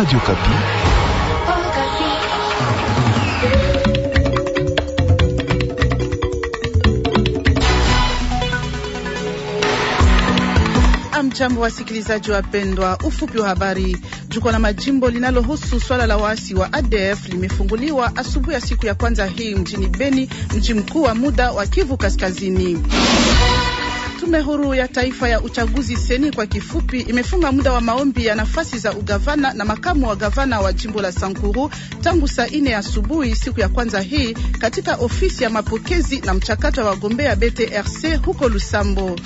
Radio Okapi. Amjambo, wasikilizaji wapendwa, ufupi wa habari. Jukwaa la majimbo linalohusu swala la waasi wa ADF limefunguliwa asubuhi ya siku ya kwanza hii mjini Beni, mji mkuu wa muda wa Kivu Kaskazini. Tume huru ya taifa ya uchaguzi seni kwa kifupi, imefunga muda wa maombi ya nafasi za ugavana na makamu wa gavana wa jimbo la Sankuru tangu saa ine asubuhi siku ya kwanza hii katika ofisi ya mapokezi na mchakato wa wagombea BTRC huko Lusambo.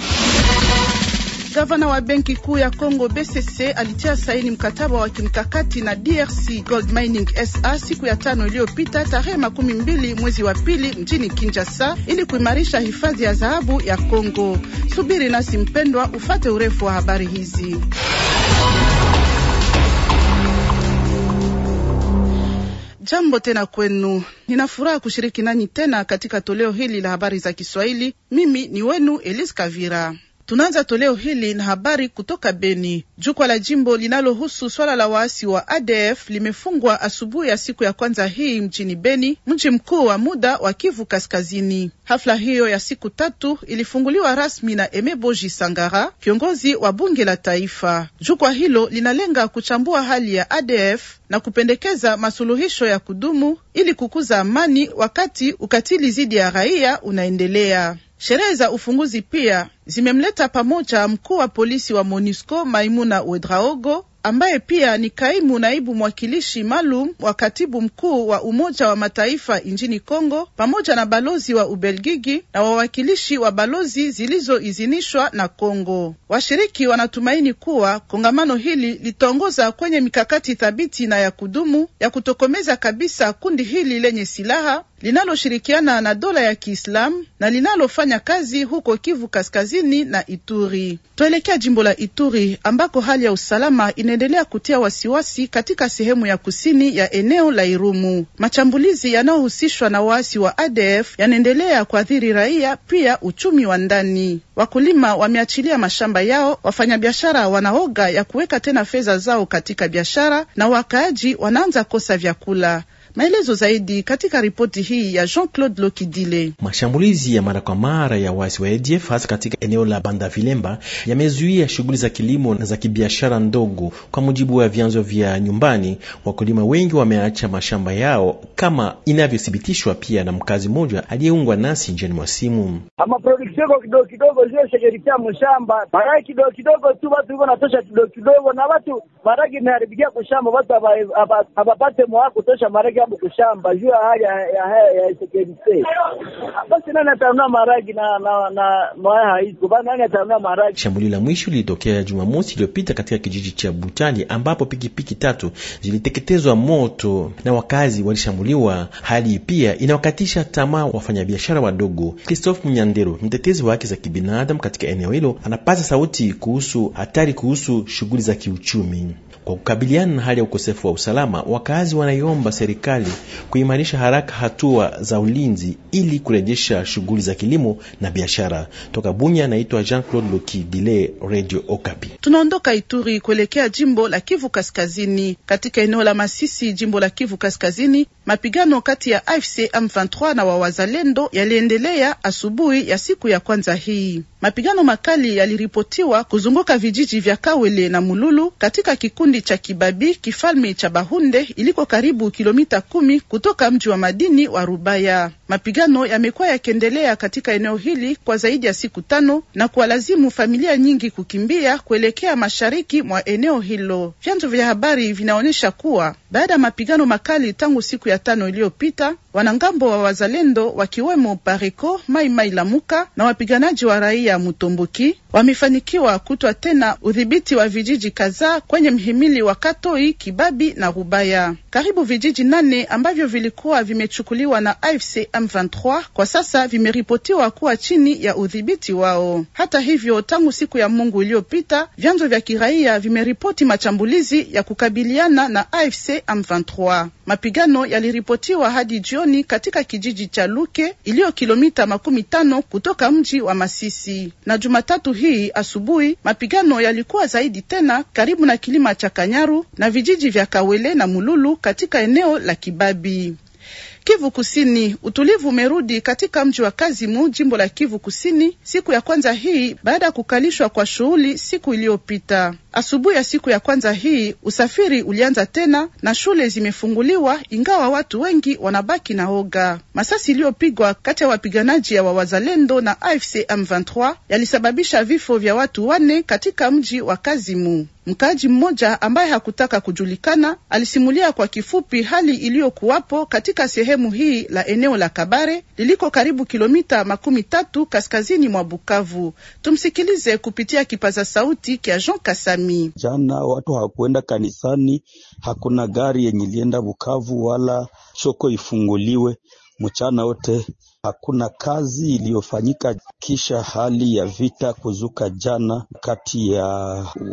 Gavana wa Benki Kuu ya Kongo BCC alitia saini mkataba wa kimkakati na DRC Gold Mining SA siku ya tano iliyopita tarehe makumi mbili mwezi wa pili mjini Kinshasa ili kuimarisha hifadhi ya dhahabu ya Kongo. Subiri nasi mpendwa, ufate urefu wa habari hizi. Jambo tena kwenu, nina furaha kushiriki nanyi tena katika toleo hili la habari za Kiswahili. Mimi ni wenu Elise Kavira. Tunaanza toleo hili na habari kutoka Beni. jukwa la jimbo linalohusu swala la waasi wa ADF limefungwa asubuhi ya siku ya kwanza hii mjini Beni, mji mkuu wa muda wa Kivu Kaskazini. Hafla hiyo ya siku tatu ilifunguliwa rasmi na Emeboji Sangara, kiongozi wa bunge la taifa. jukwa hilo linalenga kuchambua hali ya ADF na kupendekeza masuluhisho ya kudumu ili kukuza amani wakati ukatili dhidi ya raia unaendelea. Sherehe za ufunguzi pia zimemleta pamoja mkuu wa polisi wa MONUSCO Maimuna Wedraogo ambaye pia ni kaimu naibu mwakilishi maalum wa katibu mkuu wa Umoja wa Mataifa nchini Kongo, pamoja na balozi wa Ubelgiji na wawakilishi wa balozi zilizoidhinishwa na Kongo. Washiriki wanatumaini kuwa kongamano hili litaongoza kwenye mikakati thabiti na ya kudumu ya kutokomeza kabisa kundi hili lenye silaha linaloshirikiana na dola ya Kiislamu na linalofanya kazi huko Kivu Kaskazini na Ituri. Tuelekea jimbo la Ituri ambako hali ya usalama inaendelea kutia wasiwasi katika sehemu ya kusini ya eneo la Irumu. Machambulizi yanayohusishwa na waasi wa ADF yanaendelea kuathiri raia, pia uchumi wa ndani. Wakulima wameachilia mashamba yao, wafanyabiashara wanaoga ya kuweka tena fedha zao katika biashara, na wakaaji wanaanza kosa vyakula. Maelezo zaidi katika ripoti hii ya Jean-Claude Lokidile. Mashambulizi ya mara kwa mara ya waasi wa ADF hasa katika eneo la Banda Vilemba yamezuia shughuli za kilimo na za kibiashara ndogo. Kwa mujibu wa vyanzo vya nyumbani, wakulima wengi wameacha mashamba yao, kama inavyothibitishwa pia na mkazi mmoja aliyeungwa nasi njiani mwa simu. Ama production kwa kidogo kidogo zioshekerikia mshamba marai kidogo kidogo tu watu iko natosha kidogo kidogo, na watu maragi meharibikia kushamba, watu abapate mwaa kutosha maragi kuingia mkushamba juu ya hali ya sekemse, basi nani atanunua maragi na na na mwaya haiko bana, nani atanunua maragi? Shambulio la mwisho lilitokea Jumamosi iliyopita katika kijiji cha Butali ambapo pikipiki tatu ziliteketezwa moto na wakazi walishambuliwa. Hali pia inawakatisha tamaa wafanyabiashara wadogo. Christophe Munyandero, mtetezi wa haki za kibinadamu katika eneo hilo, anapaza sauti kuhusu hatari kuhusu shughuli za kiuchumi. Kwa kukabiliana na hali ya ukosefu wa usalama, wakazi wanaiomba serikali kuimarisha haraka hatua za ulinzi ili kurejesha shughuli za kilimo na biashara. Toka Bunya, anaitwa Jean Claude Loki Dile, Radio Okapi. Tunaondoka Ituri kuelekea jimbo la Kivu Kaskazini. Katika eneo la Masisi, jimbo la Kivu Kaskazini, mapigano kati ya AFC M23 na wawazalendo yaliendelea asubuhi ya siku ya kwanza hii. Mapigano makali yaliripotiwa kuzunguka vijiji vya Kawele na Mululu katika kikundi cha Kibabi kifalme cha Bahunde iliko karibu kilomita kumi kutoka mji wa madini wa Rubaya. Mapigano yamekuwa yakiendelea katika eneo hili kwa zaidi ya siku tano na kuwalazimu familia nyingi kukimbia kuelekea mashariki mwa eneo hilo. Vyanzo vya habari vinaonyesha kuwa baada ya mapigano makali tangu siku ya tano iliyopita, wanangambo wa wazalendo wakiwemo Pareko Mai Mai Lamuka na wapiganaji wa raia Mutomboki wamefanikiwa kutwa tena udhibiti wa vijiji kadhaa kwenye mhimili wa Katoi, Kibabi na Rubaya. Karibu vijiji nane ambavyo vilikuwa vimechukuliwa na AFC M23 kwa sasa vimeripotiwa kuwa chini ya udhibiti wao. Hata hivyo, tangu siku ya Mungu iliyopita, vyanzo vya kiraia vimeripoti machambulizi ya kukabiliana na AFC M23. Mapigano yaliripotiwa hadi jioni katika kijiji cha Luke iliyo kilomita makumi tano kutoka mji wa Masisi, na Jumatatu hii asubuhi mapigano yalikuwa zaidi tena karibu na kilima cha Kanyaru na vijiji vya Kawele na Mululu katika eneo la Kibabi. Kivu Kusini, utulivu umerudi katika mji wa Kazimu, jimbo la Kivu Kusini, siku ya kwanza hii baada ya kukalishwa kwa shughuli siku iliyopita. Asubuhi ya siku ya kwanza hii usafiri ulianza tena na shule zimefunguliwa, ingawa watu wengi wanabaki na oga Masasi iliyopigwa kati ya wapiganaji wa wazalendo na AFC M23 yalisababisha vifo vya watu wanne katika mji wa Kazimu. Mkaaji mmoja ambaye hakutaka kujulikana alisimulia kwa kifupi hali iliyokuwapo katika sehemu hii la eneo la Kabare liliko karibu kilomita makumi tatu kaskazini mwa Bukavu. Tumsikilize kupitia kipaza sauti kya Jean Kasami. Jana watu hawakuenda kanisani, hakuna gari yenye ilienda Bukavu wala soko ifunguliwe mchana wote Hakuna kazi iliyofanyika kisha hali ya vita kuzuka jana kati ya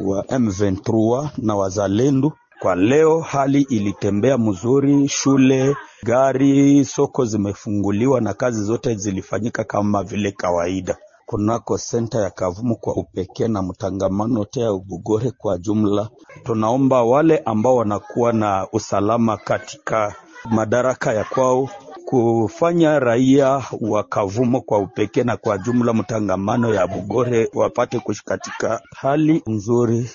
wa M23 na wazalendo. Kwa leo hali ilitembea mzuri, shule, gari, soko zimefunguliwa na kazi zote zilifanyika kama vile kawaida. Kunako senta ya Kavumu kwa upekee na mtangamano tea ugogore Ubugore kwa jumla, tunaomba wale ambao wanakuwa na usalama katika madaraka ya kwao kufanya raia wa Kavumo kwa upekee na kwa jumla mtangamano ya Bugore wapate kuishi katika hali nzuri.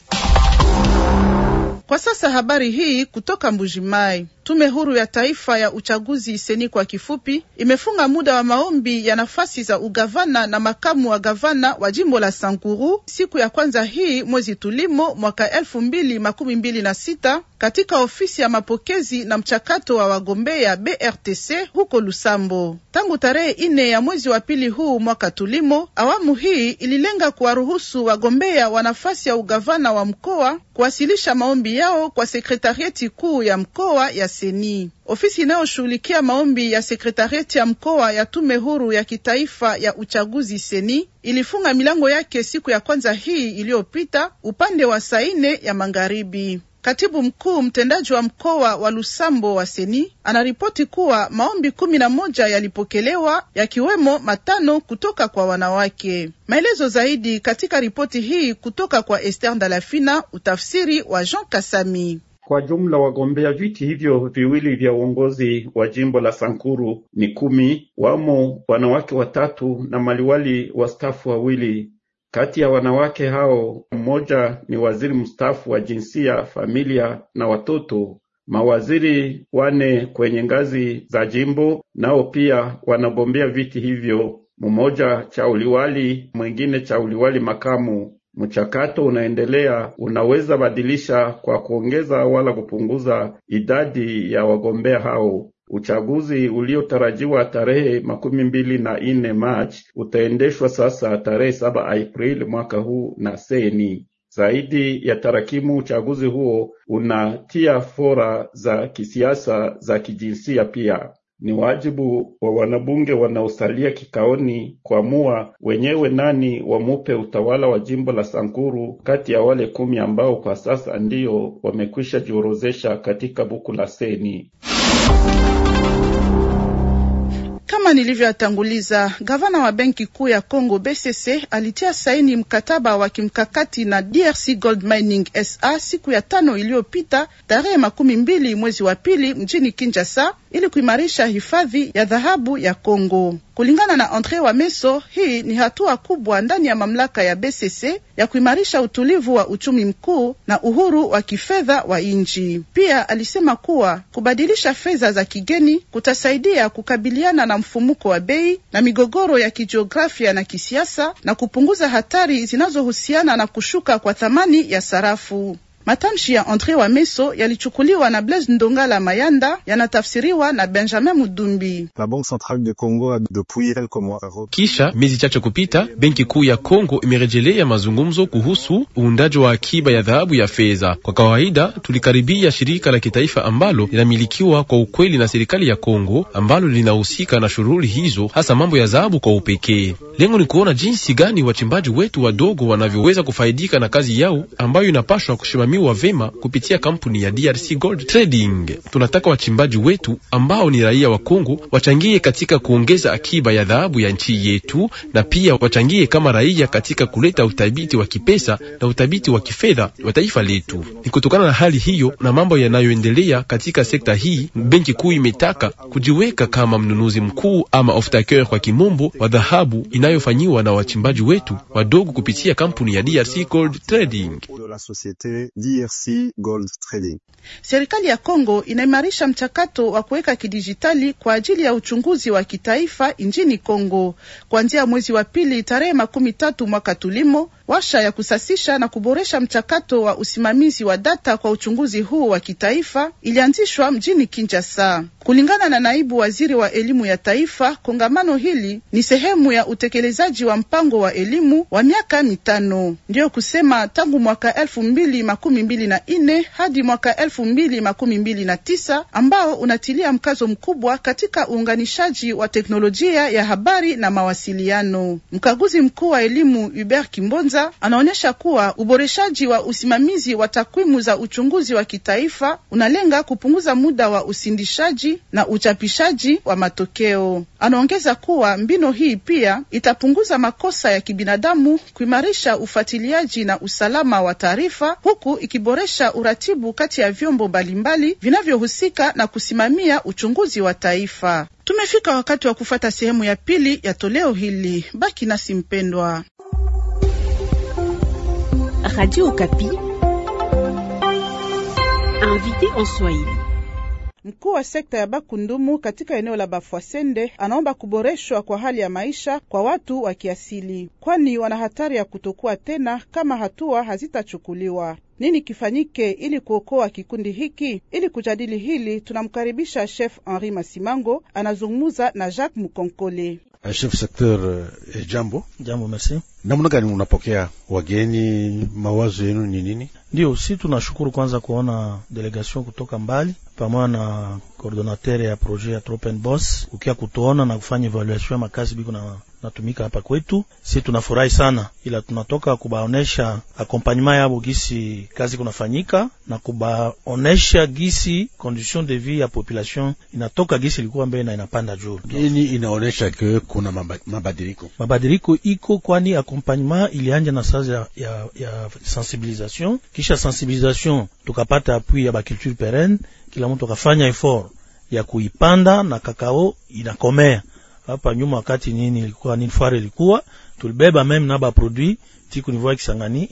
Kwa sasa habari hii kutoka Mbujimai. Tume huru ya taifa ya uchaguzi iseni kwa kifupi, imefunga muda wa maombi ya nafasi za ugavana na makamu wa gavana wa jimbo la Sankuru siku ya kwanza hii mwezi tulimo mwaka elfu mbili makumi mbili na sita katika ofisi ya mapokezi na mchakato wa wagombea BRTC huko Lusambo tangu tarehe ine ya mwezi wa pili huu mwaka tulimo. Awamu hii ililenga kuwaruhusu wagombea wa nafasi ya ugavana wa mkoa kuwasilisha maombi yao kwa sekretarieti kuu ya mkoa ya Seni, ofisi inayoshughulikia maombi ya sekretarieti ya mkoa ya tume huru ya kitaifa ya uchaguzi Seni ilifunga milango yake siku ya kwanza hii iliyopita upande wa Saine ya magharibi. Katibu mkuu mtendaji wa mkoa wa Lusambo wa Seni anaripoti kuwa maombi kumi na moja yalipokelewa yakiwemo matano kutoka kwa wanawake. Maelezo zaidi katika ripoti hii kutoka kwa Esther Ndalafina, utafsiri wa Jean Kasami. Kwa jumla wagombea viti hivyo viwili vya uongozi wa jimbo la Sankuru ni kumi, wamo wanawake watatu na maliwali wastaafu wawili. Kati ya wanawake hao mmoja ni waziri mstaafu wa Jinsia, Familia na Watoto. Mawaziri wane kwenye ngazi za jimbo nao pia wanagombea viti hivyo, mmoja cha uliwali, mwingine cha uliwali makamu. Mchakato unaendelea, unaweza badilisha kwa kuongeza wala kupunguza idadi ya wagombea hao. Uchaguzi uliotarajiwa tarehe makumi mbili na nne Machi utaendeshwa sasa tarehe saba Aprili mwaka huu na seni zaidi ya tarakimu, uchaguzi huo unatia fora za kisiasa za kijinsia. Pia ni wajibu wa wanabunge wanaosalia kikaoni kuamua wenyewe nani wamupe utawala wa jimbo la Sankuru kati ya wale kumi ambao kwa sasa ndiyo wamekwisha jiorozesha katika buku la seni. Kama nilivyotanguliza, gavana wa benki kuu ya Congo BCC alitia saini mkataba wa kimkakati na DRC Gold Mining SA siku ya tano iliyopita tarehe makumi mbili mwezi wa pili mjini Kinshasa ili kuimarisha hifadhi ya dhahabu ya Congo. Kulingana na Andre wa Meso, hii ni hatua kubwa ndani ya mamlaka ya BCC ya kuimarisha utulivu wa uchumi mkuu na uhuru wa kifedha wa nchi. Pia alisema kuwa kubadilisha fedha za kigeni kutasaidia kukabiliana na mfu mfumuko wa bei na migogoro ya kijiografia na kisiasa na kupunguza hatari zinazohusiana na kushuka kwa thamani ya sarafu. Matamshi ya Andre wa Meso yalichukuliwa na Blaise Ndongala Mayanda, yanatafsiriwa na Benjamin Mudumbi. La Banque Centrale du Congo kisha miezi chache kupita, benki kuu ya Kongo imerejelea mazungumzo kuhusu uundaji wa akiba ya dhahabu ya fedha. Kwa kawaida tulikaribia shirika la kitaifa ambalo linamilikiwa kwa ukweli na serikali ya Kongo ambalo linahusika na shughuli hizo, hasa mambo ya dhahabu kwa upekee. Lengo ni kuona jinsi gani wachimbaji wetu wadogo wanavyoweza kufaidika na kazi yao ambayo inapaswa kusimamia kusimamiwa vema kupitia kampuni ya DRC Gold Trading. Tunataka wachimbaji wetu ambao ni raia wa Kongo wachangie katika kuongeza akiba ya dhahabu ya nchi yetu, na pia wachangie kama raia katika kuleta uthabiti wa kipesa na uthabiti wa kifedha wa taifa letu. Ni kutokana na hali hiyo na mambo yanayoendelea katika sekta hii, benki kuu imetaka kujiweka kama mnunuzi mkuu ama offtaker kwa kimombo wa dhahabu inayofanyiwa na wachimbaji wetu wadogo kupitia kampuni ya DRC Gold Trading. DRC Gold Trading. Serikali ya Kongo inaimarisha mchakato wa kuweka kidijitali kwa ajili ya uchunguzi wa kitaifa nchini Kongo. Kuanzia mwezi wa pili tarehe makumi tatu mwaka tulimo, washa ya kusasisha na kuboresha mchakato wa usimamizi wa data kwa uchunguzi huu wa kitaifa ilianzishwa mjini Kinshasa. Kulingana na naibu waziri wa elimu ya taifa, kongamano hili ni sehemu ya utekelezaji wa mpango wa elimu wa miaka mitano, ndiyo kusema tangu mwaka elfu mbili makumi makumi mbili na nne hadi mwaka elfu mbili makumi mbili na tisa ambao unatilia mkazo mkubwa katika uunganishaji wa teknolojia ya habari na mawasiliano. Mkaguzi mkuu wa elimu Hubert Kimbonza anaonyesha kuwa uboreshaji wa usimamizi wa takwimu za uchunguzi wa kitaifa unalenga kupunguza muda wa usindishaji na uchapishaji wa matokeo. Anaongeza kuwa mbinu hii pia itapunguza makosa ya kibinadamu, kuimarisha ufuatiliaji na usalama wa taarifa huku ikiboresha uratibu kati ya vyombo mbalimbali vinavyohusika na kusimamia uchunguzi wa taifa. Tumefika wakati wa kufata sehemu ya pili ya toleo hili. Baki nasi mpendwa. Radio Okapi, invité en Swahili. Mkuu wa sekta ya Bakundumu katika eneo la Bafwasende anaomba kuboreshwa kwa hali ya maisha kwa watu wa kiasili, kwani wana hatari ya kutokuwa tena kama hatua hazitachukuliwa. Nini kifanyike ili kuokoa kikundi hiki? Ili kujadili hili, tunamkaribisha Chef Henri Masimango, anazungumza na Jacques Mukonkole. Chef Sector eh, jambo. Jambo, merci. Namna gani unapokea wageni? Mawazo yenu ni nini? Ndio, si tunashukuru kwanza kuona delegation kutoka mbali pamoja na coordinateur ya projet ya Tropenbos ukia kutuona na kufanya evaluation ya makazi biko na natumika hapa kwetu, si tunafurahi sana, ila tunatoka kubaonesha akompanyema yabo gisi kazi kunafanyika na kubaonesha gisi condition de vie ya population inatoka gisi ilikuwa mbele na inapanda juu. Nini inaonesha ke kuna mabadiliko? Mabadiliko iko kwani akompanyema ilianja na sazi ya, ya, ya sensibilisation, kisha sensibilisation tukapata appui ya baculture perenne kila mtu akafanya effort ya kuipanda na kakao inakomea hapa nyuma wakati nini ilikuwa nini fare ilikuwa tulibeba meme na ba produit tiku nivoa Kisangani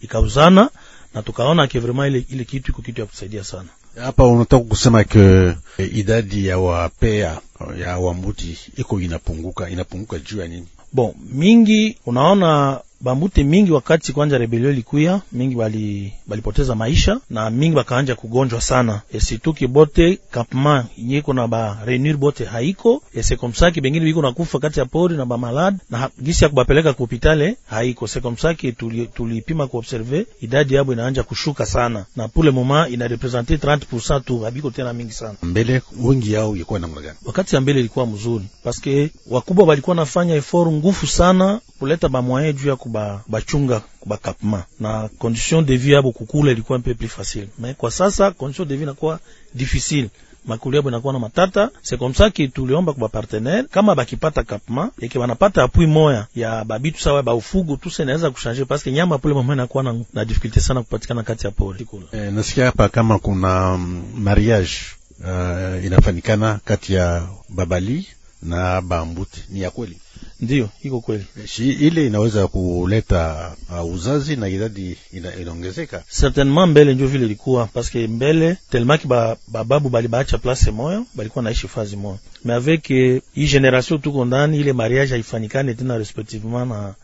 ikauzana ika na tukaona ke vraiment ile, ile kitu iko kitu ya kusaidia sana hapa. Unataka kusema ke eh, idadi ya wapea ya wambuti iko inapunguka, inapunguka juu ya nini? Bon, mingi unaona bambute mingi wakati kwanja rebelio likuya mingi bali balipoteza maisha na mingi bakaanja kugonjwa sana esituki bote kapma nyeko na ba renur bote haiko e, esekomsaki bengine biko kufa kati ya pori na ba bamalade na gisi ya kubapeleka ku hopitale haiko sekomsaki tulipima tuli kuobserve idadi yabo inaanja kushuka sana na pule moma ina represente 30% tu habiko tena mingi sana mbele wengi yao ilikuwa na gani wakati ya mbele ilikuwa mzuri paske wakubwa balikuwa nafanya effort ngufu sana kuleta bamoyen juu ya kubachunga kuba kapma na condition de vie yabo kukula ilikuwa mpe plus facile, mais kwa sasa condition de vie inakuwa difficile makuli yabo inakuwa na matata. C'est comme ça que tuliomba kwa partenaire kama bakipata kapma yake banapata apui moya ya babitu sawa ba ufugo tu sasa inaweza kushange, parce que nyama pole mama inakuwa na, na difficulté sana kupatikana kati ya pori. Eh, nasikia hapa kama kuna mm, mariage uh, inafanikana kati ya babali na bambuti, ni ya kweli? ndio iko kweli si ile inaweza kuleta uh, uzazi na idadi ina, inaongezeka certainement. Mbele ndio vile ilikuwa paske mbele telemaki ba, bababu balibaacha place moya balikuwa naishi fazi moya, mais avec eh, hii generation tuko ndani, ile mariage haifanikane tena respectivement na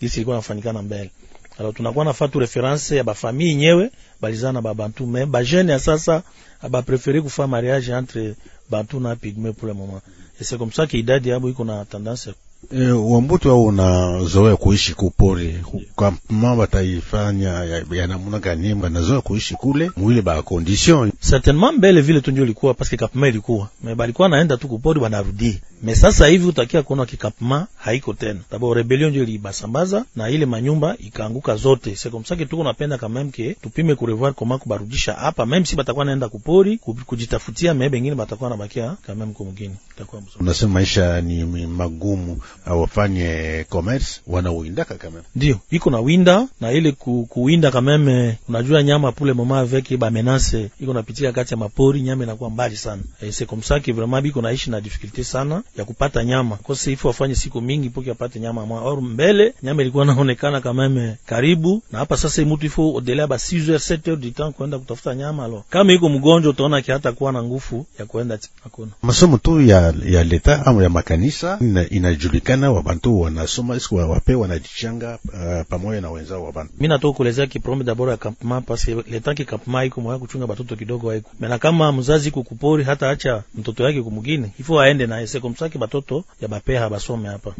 gisi ilikuwa nafanikana mbele. Alors tunakuwa nafaa tu reference ya bafamii nyewe balizana babantu, mais bajene ya sasa abaprefere kufa mariage entre bantu na pigme pour le moment, et c'est comme ça que idadi yabo iko na tendance E, eh, wambuti wao unazoea kuishi kupori kampema bataifanya ya, ya namuna gani? Banazoea kuishi kule mwile ba condition certainement mbele vile tunjo likuwa paske kapema ilikuwa me balikuwa naenda tu kupori banarudi me sasa hivi utakia kuona kikapma haiko tena tabo, rebelion ndio ilibasambaza na ile manyumba ikaanguka zote. Sekomsake tuko napenda kama kamemke tupime ku kurevoir koma kubarudisha hapa, meme si batakuwa naenda kupori kujitafutia, me bengine batakuwa na bakia kama kameme kumugini. Itakuwa mzuri. Unasema maisha ni magumu, awafanye commerce wana wanawindaka kameme, ndio iko na winda na ile ku, kuwinda kameme. Eh, unajua nyama pule mama avec ba menace iko napitia kati ya mapori, nyama inakuwa mbali sana eh, e, sekomsake vraiment biko naishi na difficulty sana ya kupata nyama kose ifu afanye siku mingi poki apate nyama mwa or mbele nyama ilikuwa naonekana ime karibu na hapa sasa, mtu ifu odelea ba 6 h 7 h du temps kwenda kutafuta nyama. Alo kama iko mgonjo utaona ki hata kuwa na nguvu ya kwenda hakuna. Masomo tu ya, ya leta au ya makanisa ina, inajulikana wa bantu wanasoma siku wape wanajichanga uh, pamoja na wenzao wa bantu. Mimi natoka kuelezea ki promo d'abord ya campement parce que le temps ki campement iko mwa kuchunga batoto kidogo haiko mena, kama mzazi kukupori hata acha mtoto yake kumgine ifo aende na yese saki batoto ya bapeha basome hapa.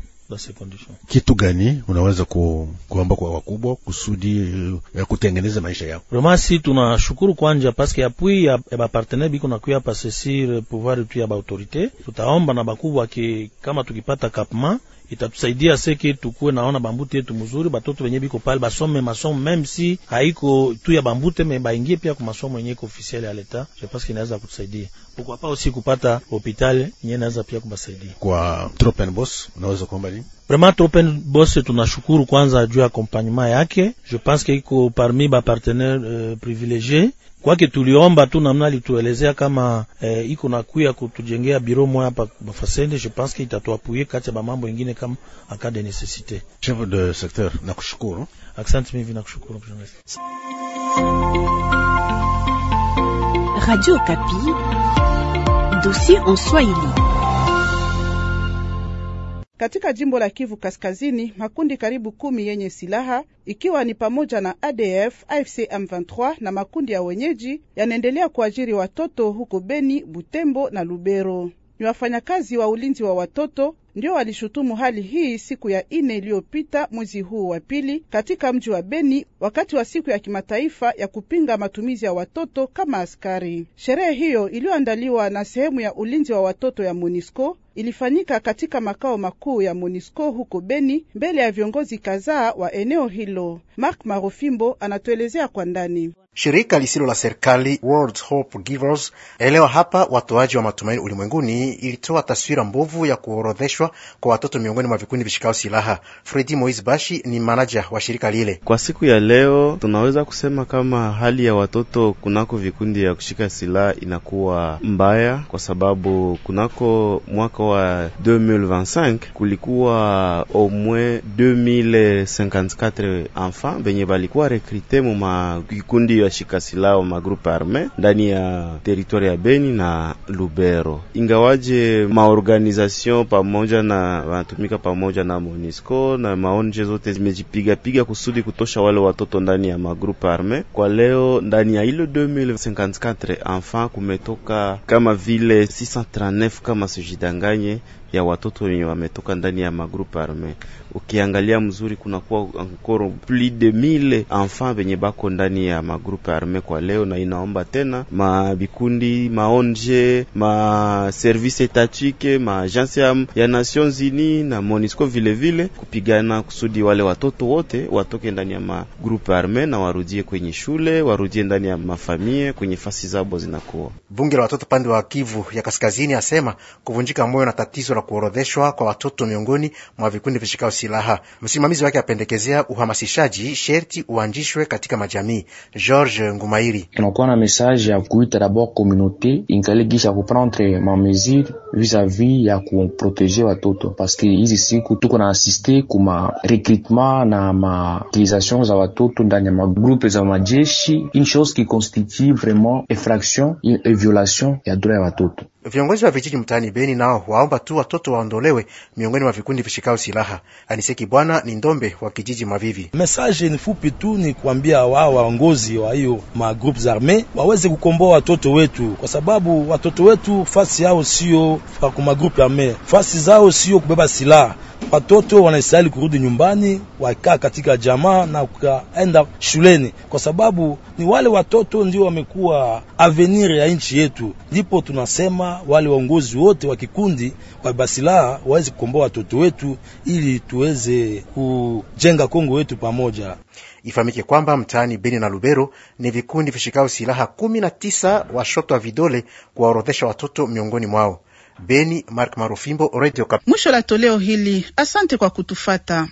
Kitu gani unaweza ku, kuomba kwa wakubwa kusudi eh, ya kutengeneza maisha yao? Remasi, tunashukuru kwanja paske apui ya, ya eh, bapartenere biko nakuya pasesir pouvoir tu ya baautorité. Tutaomba na bakubwa ki kama tukipata kapma itatusaidia seke tukuwe naona bambute yetu mzuri, batoto benye biko pale basome masomo meme si haiko tu ya bambute me baingie pia kwa masomo yenye officiel ya leta. Je pense inaweza kutusaidia Pourquoi pas aussi kupata hospitali yenye naweza pia kubasaidia kwa Tropenbos. Unaweza kuomba nini? Vraiment Tropenbos tunashukuru kwanza juu ya accompagnement yake, je pense que iko parmi ba partenaire euh, privilegie kwake. Tuliomba tu namna alituelezea kama eh, iko na kuya kutujengea biro moja hapa Bafasende, je pense que itatuapuye kati ya mambo mengine kama aka de necessite. Chef de secteur, nakushukuru. Asante mimi, nakushukuru journalist Radio Kapi. Dossier en Swahili. Katika jimbo la Kivu Kaskazini, makundi karibu kumi yenye silaha ikiwa ni pamoja na ADF, AFC M23 na makundi ya wenyeji yanaendelea kuajiri watoto huko Beni, Butembo na Lubero. Ni wafanyakazi wa ulinzi wa watoto ndio walishutumu hali hii siku ya ine iliyopita mwezi huu wa pili katika mji wa Beni wakati wa siku ya kimataifa ya kupinga matumizi ya watoto kama askari. Sherehe hiyo iliyoandaliwa na sehemu ya ulinzi wa watoto ya MONUSCO ilifanyika katika makao makuu ya MONUSCO huko Beni mbele ya viongozi kadhaa wa eneo hilo. Mark Marofimbo anatuelezea kwa ndani. Shirika lisilo la serikali World Hope Givers elewa hapa watoaji wa matumaini ulimwenguni ilitoa taswira mbovu ya kuorodheshwa kwa watoto miongoni mwa vikundi vishikao silaha. Fredi Moise Bashi ni manaja wa shirika lile. Kwa siku ya leo, tunaweza kusema kama hali ya watoto kunako vikundi ya kushika silaha inakuwa mbaya, kwa sababu kunako mwaka wa 2025 kulikuwa omwe 2054 enfants venye valikuwa rekrite mu mavikundi ya Shikasilao magrupe arme ndani ya teritwari ya Beni na Lubero, ingawaje maorganization pamoja na wanatumika pamoja na Monisco na maonje zote zimejipiga piga kusudi kutosha wale watoto ndani ya magrupe arme. Kwa leo ndani ya ile 2054 enfant kumetoka kama vile 639 kama sijidanganye ya watoto wenye wametoka ndani ya magrupe arme. Ukiangalia mzuri, kunakuwa ankoro plus de mille enfant venye bako ndani ya magrupe arme kwa leo, na inaomba tena mabikundi maonje ma service etatike ma agence ya Nations Unies na Monisco vilevile kupigana kusudi wale watoto wote watoke ndani ya magrupe arme na warudie kwenye shule, warudie ndani ya mafamie kwenye fasi zabo zinakuwa. Bunge la watoto pande wa Kivu ya Kaskazini asema kuvunjika moyo na tatizo la kuorodheshwa kwa watoto miongoni mwa vikundi vishikao silaha. Msimamizi wake apendekezea uhamasishaji sherti uanjishwe katika majamii. George Ngumairi: tunakuwa na mesaje ya kuita dabord komunote inkaligisha kuprendre mamesure vis-a-vis ya kuproteje watoto paske hizi siku tuko na asiste kuma recrutement na mautilization za watoto ndani ya magrupe za majeshi, une chose qui constitue vraiment infraction et violation ya droit ya watoto Viongozi wa vijiji mtaani Beni nao waomba tu watoto waondolewe miongoni mwa vikundi vishikao silaha. Aniseki bwana ni ndombe wa kijiji Mavivi. Mesaje ni fupi tu, ni kuambia wao waongozi wa hiyo ma groupes arme waweze kukomboa watoto wetu, kwa sababu watoto wetu fasi yao sio kwa ma groupe arme, fasi zao sio kubeba silaha. Watoto wanastahili kurudi nyumbani, wakaa katika jamaa na kukaenda shuleni, kwa sababu ni wale watoto ndio wamekuwa avenir ya nchi yetu, ndipo tunasema wale waongozi wote wa kikundi wabeba silaha waweze kukomboa watoto wetu ili tuweze kujenga Kongo wetu pamoja. Ifahamike kwamba mtaani Beni na Lubero ni vikundi vishikao silaha kumi na tisa washoto wa vidole kuwaorodhesha watoto miongoni mwao. Beni, Mark Marufimbo, Radio Kap. Mwisho la toleo hili, asante kwa kutufata.